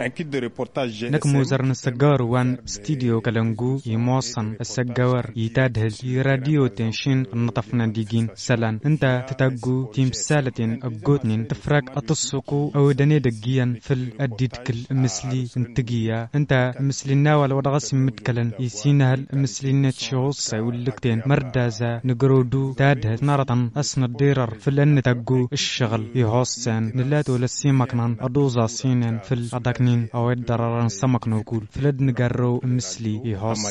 نكمو زرن السجار وان ستيديو كالنجو يموصن السجار يتادهل يراديو تنشين نطفنا ديجين سلان انت تتاقو تيم سالتين اقوتنين تفرق اتصقو او داني دقيا في الاديدكل مسلي انتقيا انت مسلي ناوال والوضغس متكلن يسينها المسلين تشغوص ولكتين مردازا نقرودو تادهل نارطن اسن الديرر في الان تاقو الشغل يهوصن نلاتو لسيمكنان ادوزا سينين في الادكن ኣወዳራራን ዝተማክኖ እኩል ስለ ድንገረው ምስሊ ይሆሳ